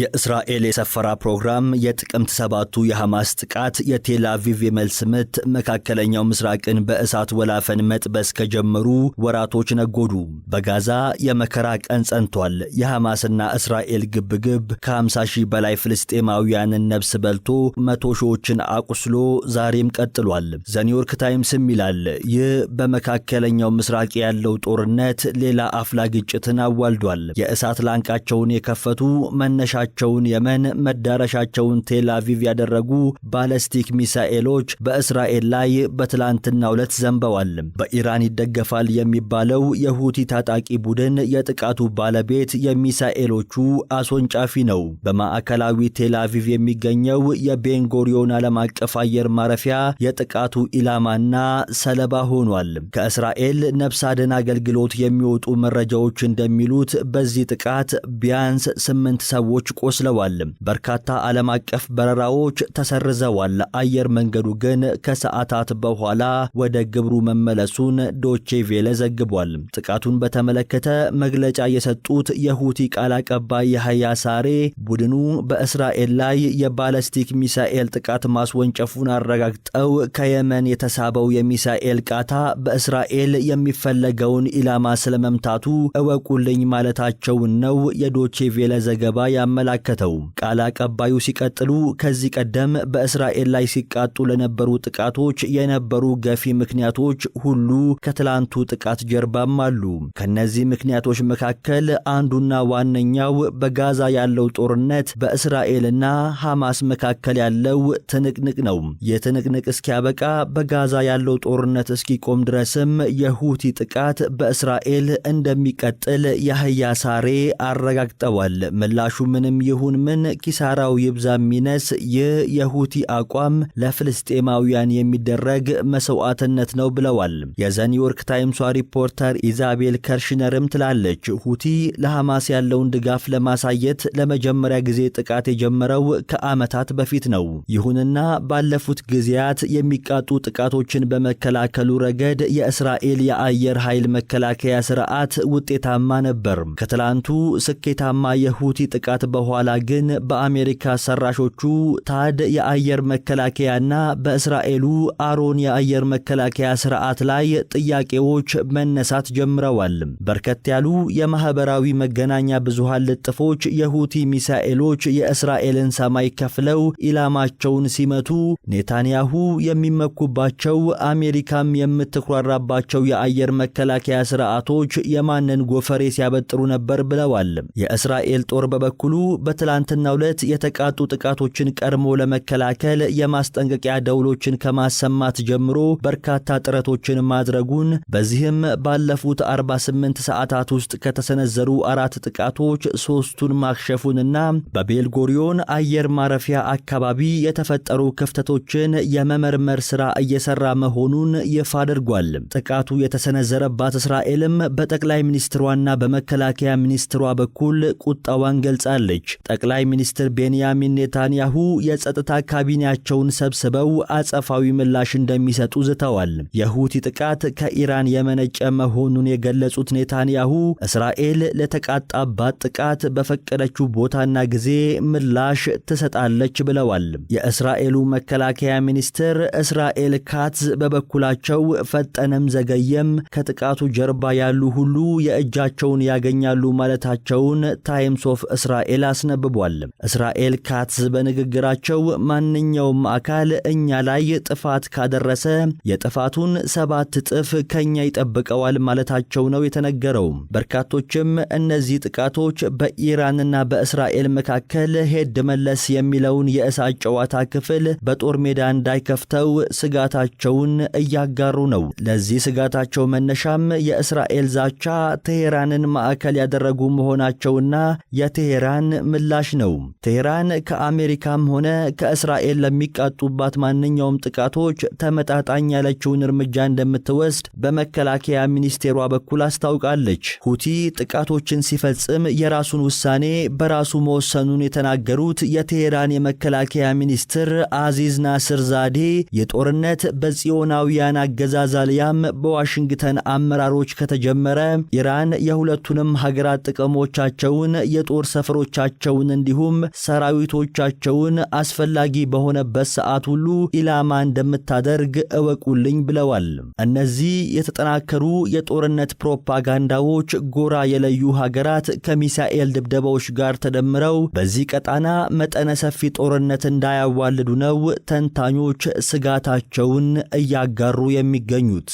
የእስራኤል የሰፈራ ፕሮግራም የጥቅምት ሰባቱ የሐማስ ጥቃት የቴል አቪቭ የመልስ ምት መካከለኛው ምስራቅን በእሳት ወላፈን መጥበስ ከጀመሩ ወራቶች ነጎዱ። በጋዛ የመከራ ቀን ጸንቷል። የሐማስና እስራኤል ግብግብ ከ50 ሺህ በላይ ፍልስጤማውያንን ነብስ በልቶ መቶ ሺዎችን አቁስሎ ዛሬም ቀጥሏል። ዘኒውዮርክ ታይምስም ይላል ይህ በመካከለኛው ምስራቅ ያለው ጦርነት ሌላ አፍላ ግጭትን አዋልዷል። የእሳት ላንቃቸውን የከፈቱ መነሻ መቀመጫቸውን የመን መዳረሻቸውን ቴል አቪቭ ያደረጉ ባለስቲክ ሚሳኤሎች በእስራኤል ላይ በትላንትናው ዕለት ዘንበዋል። በኢራን ይደገፋል የሚባለው የሁቲ ታጣቂ ቡድን የጥቃቱ ባለቤት የሚሳኤሎቹ አስወንጫፊ ነው። በማዕከላዊ ቴል አቪቭ የሚገኘው የቤንጎሪዮን ዓለም አቀፍ አየር ማረፊያ የጥቃቱ ኢላማና ሰለባ ሆኗል። ከእስራኤል ነፍስ አድን አገልግሎት የሚወጡ መረጃዎች እንደሚሉት በዚህ ጥቃት ቢያንስ ስምንት ሰዎች ቆስለዋል። በርካታ ዓለም አቀፍ በረራዎች ተሰርዘዋል። አየር መንገዱ ግን ከሰዓታት በኋላ ወደ ግብሩ መመለሱን ዶቼ ቬለ ዘግቧል። ጥቃቱን በተመለከተ መግለጫ የሰጡት የሁቲ ቃል አቀባይ የሐያ ሳሬ ቡድኑ በእስራኤል ላይ የባለስቲክ ሚሳኤል ጥቃት ማስወንጨፉን አረጋግጠው ከየመን የተሳበው የሚሳኤል ቃታ በእስራኤል የሚፈለገውን ኢላማ ስለመምታቱ እወቁልኝ ማለታቸውን ነው የዶቼ ቬለ ዘገባ ያመ አመላከተው። ቃል አቀባዩ ሲቀጥሉ ከዚህ ቀደም በእስራኤል ላይ ሲቃጡ ለነበሩ ጥቃቶች የነበሩ ገፊ ምክንያቶች ሁሉ ከትላንቱ ጥቃት ጀርባም አሉ። ከነዚህ ምክንያቶች መካከል አንዱና ዋነኛው በጋዛ ያለው ጦርነት በእስራኤልና ሐማስ መካከል ያለው ትንቅንቅ ነው። የትንቅንቅ እስኪያበቃ በጋዛ ያለው ጦርነት እስኪቆም ድረስም የሁቲ ጥቃት በእስራኤል እንደሚቀጥል ያህያ ሳሬ አረጋግጠዋል። ምላሹ ምንም ጥቅምም ይሁን ምን፣ ኪሳራው ይብዛ ሚነስ፣ ይህ የሁቲ አቋም ለፍልስጤማውያን የሚደረግ መስዋዕትነት ነው ብለዋል። የዘኒውዮርክ ታይምሷ ሪፖርተር ኢዛቤል ከርሽነርም ትላለች ሁቲ ለሐማስ ያለውን ድጋፍ ለማሳየት ለመጀመሪያ ጊዜ ጥቃት የጀመረው ከዓመታት በፊት ነው። ይሁንና ባለፉት ጊዜያት የሚቃጡ ጥቃቶችን በመከላከሉ ረገድ የእስራኤል የአየር ኃይል መከላከያ ስርዓት ውጤታማ ነበር። ከትላንቱ ስኬታማ የሁቲ ጥቃት በ በኋላ ግን በአሜሪካ ሰራሾቹ ታድ የአየር መከላከያና በእስራኤሉ አሮን የአየር መከላከያ ስርዓት ላይ ጥያቄዎች መነሳት ጀምረዋል። በርከት ያሉ የማህበራዊ መገናኛ ብዙሃን ልጥፎች የሁቲ ሚሳኤሎች የእስራኤልን ሰማይ ከፍለው ኢላማቸውን ሲመቱ ኔታንያሁ የሚመኩባቸው አሜሪካም የምትኩራራባቸው የአየር መከላከያ ስርዓቶች የማንን ጎፈሬ ሲያበጥሩ ነበር ብለዋል። የእስራኤል ጦር በበኩሉ በትላንትናው ዕለት የተቃጡ ጥቃቶችን ቀድሞ ለመከላከል የማስጠንቀቂያ ደውሎችን ከማሰማት ጀምሮ በርካታ ጥረቶችን ማድረጉን በዚህም ባለፉት 48 ሰዓታት ውስጥ ከተሰነዘሩ አራት ጥቃቶች ሶስቱን ማክሸፉንና በቤልጎሪዮን አየር ማረፊያ አካባቢ የተፈጠሩ ክፍተቶችን የመመርመር ሥራ እየሰራ መሆኑን ይፋ አድርጓል። ጥቃቱ የተሰነዘረባት እስራኤልም በጠቅላይ ሚኒስትሯና በመከላከያ ሚኒስትሯ በኩል ቁጣዋን ገልጻለች። አድርጋለች። ጠቅላይ ሚኒስትር ቤንያሚን ኔታንያሁ የጸጥታ ካቢኔያቸውን ሰብስበው አጸፋዊ ምላሽ እንደሚሰጡ ዝተዋል። የሁቲ ጥቃት ከኢራን የመነጨ መሆኑን የገለጹት ኔታንያሁ እስራኤል ለተቃጣባት ጥቃት በፈቀደችው ቦታና ጊዜ ምላሽ ትሰጣለች ብለዋል። የእስራኤሉ መከላከያ ሚኒስትር እስራኤል ካትዝ በበኩላቸው ፈጠነም ዘገየም ከጥቃቱ ጀርባ ያሉ ሁሉ የእጃቸውን ያገኛሉ ማለታቸውን ታይምስ ኦፍ እስራኤል አስነብቧል። እስራኤል ካትስ በንግግራቸው ማንኛውም አካል እኛ ላይ ጥፋት ካደረሰ የጥፋቱን ሰባት እጥፍ ከኛ ይጠብቀዋል ማለታቸው ነው የተነገረው። በርካቶችም እነዚህ ጥቃቶች በኢራንና በእስራኤል መካከል ሄድ መለስ የሚለውን የእሳት ጨዋታ ክፍል በጦር ሜዳ እንዳይከፍተው ስጋታቸውን እያጋሩ ነው። ለዚህ ስጋታቸው መነሻም የእስራኤል ዛቻ ቴሄራንን ማዕከል ያደረጉ መሆናቸውና የቴሄራን ምላሽ ነው። ቴህራን ከአሜሪካም ሆነ ከእስራኤል ለሚቃጡባት ማንኛውም ጥቃቶች ተመጣጣኝ ያለችውን እርምጃ እንደምትወስድ በመከላከያ ሚኒስቴሯ በኩል አስታውቃለች። ሁቲ ጥቃቶችን ሲፈጽም የራሱን ውሳኔ በራሱ መወሰኑን የተናገሩት የቴህራን የመከላከያ ሚኒስትር አዚዝ ናስር ዛዴ የጦርነት በጽዮናውያን አገዛዝ አልያም በዋሽንግተን አመራሮች ከተጀመረ ኢራን የሁለቱንም ሀገራት ጥቅሞቻቸውን የጦር ሰፈሮቻ ሰዎቻቸውን እንዲሁም ሰራዊቶቻቸውን አስፈላጊ በሆነበት ሰዓት ሁሉ ኢላማ እንደምታደርግ እወቁልኝ ብለዋል። እነዚህ የተጠናከሩ የጦርነት ፕሮፓጋንዳዎች ጎራ የለዩ ሀገራት ከሚሳኤል ድብደባዎች ጋር ተደምረው በዚህ ቀጣና መጠነ ሰፊ ጦርነት እንዳያዋልዱ ነው ተንታኞች ስጋታቸውን እያጋሩ የሚገኙት።